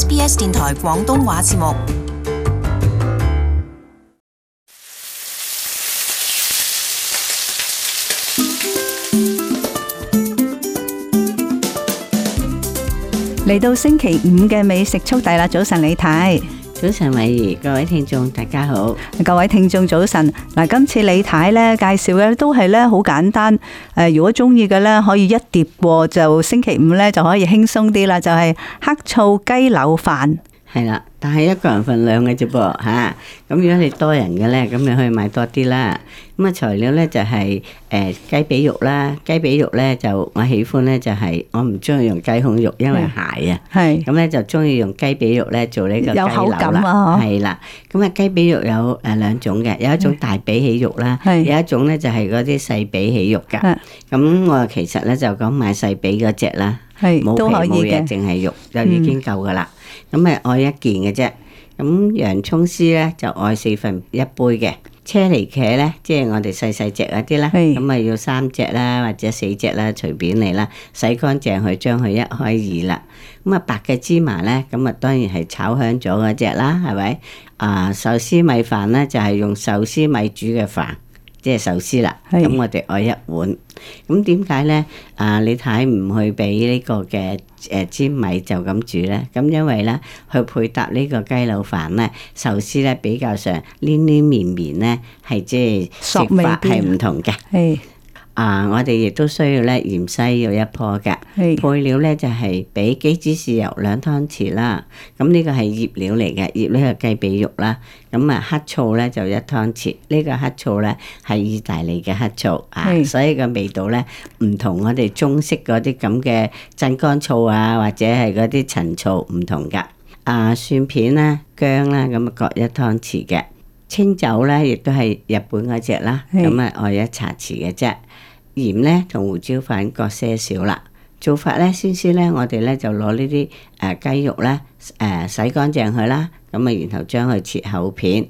SBS 電台廣東話節目，嚟到星期五嘅美食速遞啦！早晨，你睇。早晨，慧怡，各位聽眾大家好，各位聽眾早晨。今次李太介紹咧，都係好簡單。如果中意嘅可以一碟過，就星期五就可以輕鬆啲啦，就係黑醋雞柳飯。係啦，但係一個人份量嘅啫噃嚇。咁、啊嗯、如果你多人嘅咧，咁你可以買多啲啦。咁、嗯、啊材料咧就係、是、誒、呃、雞髀肉啦。雞髀肉咧就我喜歡咧就係、是、我唔中意用雞胸肉，因為柴啊。係是。咁咧就中意用雞髀肉咧做呢個雞柳啦。有口感、啊。係啦。咁、嗯、啊雞髀肉有誒兩種嘅，有一種大髀起肉啦，是有一種咧就係嗰啲細髀起肉㗎。咁是、啊、我其實咧就講買細髀嗰隻啦。係冇是皮都可以嘅，淨係肉就已經夠噶啦。咁啊、嗯，愛一件嘅啫。咁洋葱絲咧就愛四分一杯嘅。車厘茄咧，即係我哋細細隻嗰啲啦。咁啊是，要三隻啦，或者四隻啦，隨便你啦。洗乾淨佢，將佢一開二啦。咁啊，白嘅芝麻咧，咁啊，當然係炒香咗嗰隻啦，係咪？啊，壽司米飯咧就係、是、用壽司米煮嘅飯。即係壽司啦，咁是我哋愛一碗。咁點解咧？啊、呃，你睇唔去俾呢個嘅誒粘米就咁煮咧？咁因為咧，佢配搭呢個雞柳飯咧，壽司咧比較上黏黏綿綿咧，係即係食法係唔同嘅。嘿。啊！我哋亦都需要咧，芫茜要一棵嘅是配料咧，就係、是、比基茲豉油兩湯匙啦。咁呢個係醃料嚟嘅，醃呢個雞髀肉啦。咁啊，黑醋咧就一湯匙，呢、這個黑醋咧係意大利嘅黑醋是啊，所以個味道咧唔同我哋中式嗰啲咁嘅鎮江醋啊，或者係嗰啲陳醋唔同㗎。啊，蒜片啦、啊、薑啦、啊，咁各一湯匙嘅。清酒咧，亦都係日本嗰隻啦，咁啊是、嗯，我一茶匙嘅啫。鹽咧同胡椒粉各些少啦。做法咧，先先咧，我哋咧就攞呢啲誒雞肉咧誒、呃、洗乾淨佢啦，咁啊，然後將佢切厚片，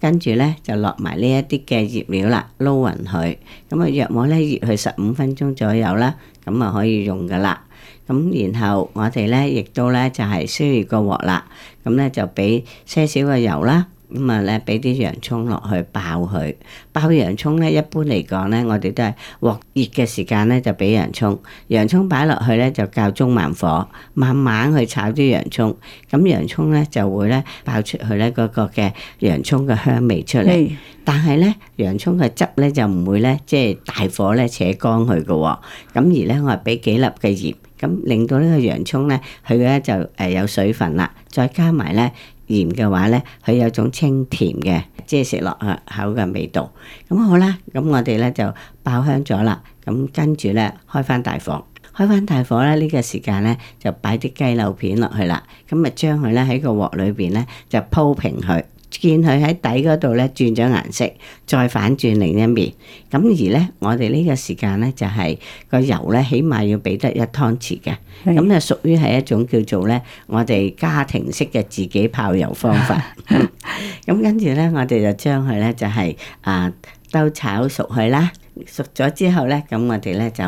跟住咧就落埋呢一啲嘅醃料啦，撈勻佢，咁啊，約摸咧醃佢十五分鐘左右啦，咁啊可以用噶啦。咁然後我哋咧亦都咧就係、是、需要個鑊啦，咁咧就俾些少嘅油啦。咁啊咧，俾啲洋蔥落去爆佢，爆洋蔥咧，一般嚟講咧，我哋都係鑊熱嘅時間咧，就俾洋蔥，洋蔥擺落去咧，就較中慢火，慢慢去炒啲洋蔥。咁洋蔥咧就會咧爆出去咧，嗰個嘅洋蔥嘅香味出嚟。的但係咧，洋蔥嘅汁咧就唔會咧，即係大火咧扯乾佢㗎喎。咁而咧，我係俾幾粒嘅鹽，咁令到呢個洋蔥咧，佢咧就誒有水分啦，再加埋咧。鹽嘅話呢，佢有種清甜嘅，即係食落去口嘅味道。咁好啦，咁我哋咧就爆香咗啦。咁跟住咧，開返大火，開返大火啦。呢個時間呢，就擺啲雞柳片落去啦。咁咪將佢咧喺個鑊裏面呢，就鋪平佢。見佢喺底嗰度咧轉咗顏色，再反轉另一面。咁而咧，我哋呢個時間咧就係、是、個油咧起碼要俾得一湯匙嘅。咁的就屬於係一種叫做咧我哋家庭式嘅自己泡油方法。咁 跟住咧，我哋就將佢咧就係、是、啊兜炒熟佢啦。熟咗之後咧，咁我哋咧就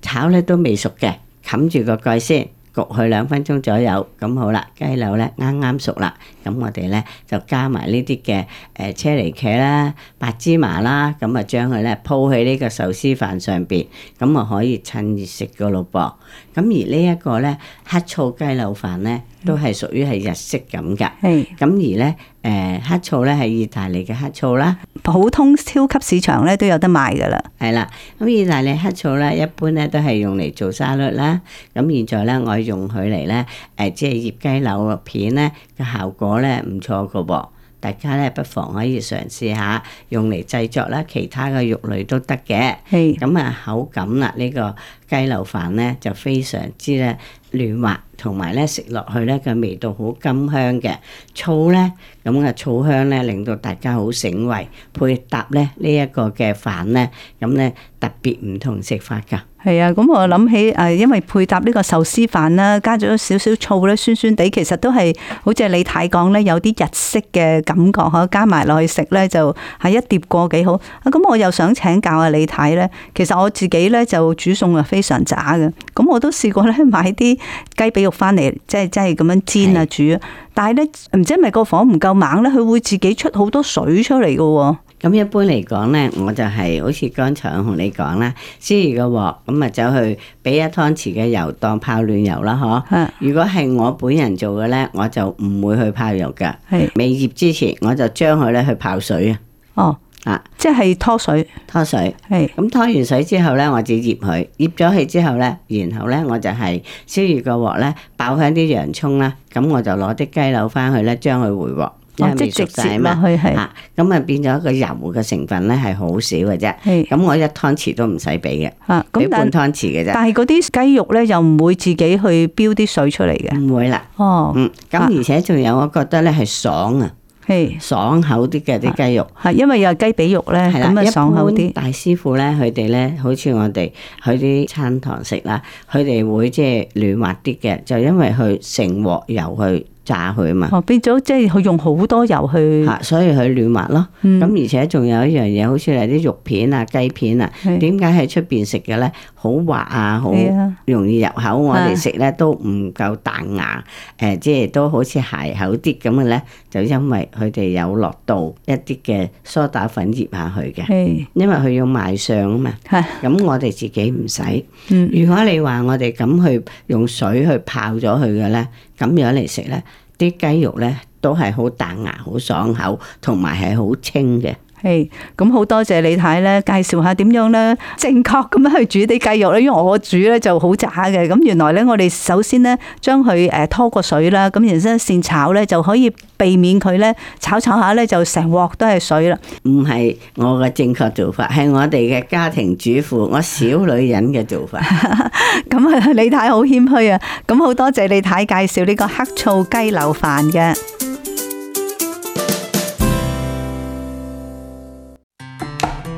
炒咧都未熟嘅，冚住個蓋先。焗佢兩分鐘左右，咁好啦，雞柳咧啱啱熟啦，咁我哋咧就加埋呢啲嘅誒車厘茄啦、白芝麻啦，咁啊將佢咧鋪喺呢個壽司飯上邊，咁啊可以趁熱食噶咯噃。咁而呢一個咧黑醋雞柳飯咧。都係屬於係日式咁噶，咁的而咧，誒、呃、黑醋咧係意大利嘅黑醋啦，普通超級市場咧都有得賣噶啦。係啦，咁意大利黑醋咧，一般咧都係用嚟做沙律啦。咁現在咧，我用佢嚟咧，誒即係醃雞柳片咧嘅效果咧唔錯嘅喎、啊。大家咧不妨可以嘗試下用嚟製作啦，其他嘅肉類都得嘅。係咁啊，口感啦，呢、這個雞柳飯咧就非常之咧。嫩滑，同埋咧食落去咧嘅味道好甘香嘅醋咧，咁嘅醋香咧令到大家好醒胃。配搭咧呢一個嘅飯咧，咁咧特別唔同食法㗎。係啊，咁我諗起誒，因為配搭呢個壽司飯啦，加咗少少醋咧，酸酸地，其實都係好似李太講咧，有啲日式嘅感覺嗬。加埋落去食咧，就係一碟過幾好。啊，咁我又想請教下李太咧，其實我自己咧就煮餸啊非常渣嘅，咁我都試過咧買啲。雞髀肉翻嚟，即係即係咁樣煎啊是煮，但係咧唔知係咪個火唔夠猛咧，佢會自己出好多水出嚟噶。咁一般嚟講咧，我就係、是、好似剛才我同你講啦，先個鑊咁啊走去俾一湯匙嘅油當泡嫩油啦，嗬是。如果係我本人做嘅咧，我就唔會去泡油噶，是未醃之前我就將佢咧去泡水啊。哦啊！即係拖水，拖水係。咁拖完水之後咧，我就醃佢，醃咗佢之後咧，然後咧我就係燒熱個鑊咧，爆香啲洋蔥啦。咁我就攞啲雞柳翻去咧，將佢回鑊，即係未熟仔啊嘛。咁啊變咗個油嘅成分咧係好少嘅啫。咁我一湯匙都唔使俾嘅，咁俾半湯匙嘅啫。但係嗰啲雞肉咧又唔會自己去飆啲水出嚟嘅，唔會啦。哦，咁而且仲有，我覺得咧係爽啊。是爽口啲嘅啲雞肉，係因為又係雞髀肉咧，咁啊的爽口啲。但係師傅咧，佢哋咧，好似我哋去啲餐堂食啊，佢哋會即係嫩滑啲嘅，就因為佢成鑊油去炸佢啊嘛。啊變咗即係佢用好多油去，所以佢嫩滑咯。咁、嗯、而且仲有一樣嘢，好似係啲肉片啊、雞片啊，點解喺出邊食嘅咧？好滑啊，好容易入口。我哋食咧都唔夠彈牙，誒、呃、即、呃、係都好似鞋口啲咁嘅咧。就因為佢哋有落到一啲嘅梳打粉醃下去嘅，的因為佢要賣相啊嘛。咁的我哋自己唔使。嗯、如果你話我哋咁去用水去泡咗佢嘅咧，咁樣嚟食咧，啲雞肉咧都係好彈牙、好爽口，同埋係好清嘅。誒，咁好多謝李太咧，介紹下點樣咧正確咁樣去煮啲雞肉咧，因為我煮咧就好渣嘅。咁原來咧，我哋首先咧將佢誒拖過水啦，咁然之後先炒咧就可以避免佢咧炒炒下咧就成鑊都係水啦。唔係我嘅正確做法，係我哋嘅家庭主婦，我小女人嘅做法。咁 啊，李太好謙虛啊。咁好多謝李太介紹呢個黑醋雞柳飯嘅。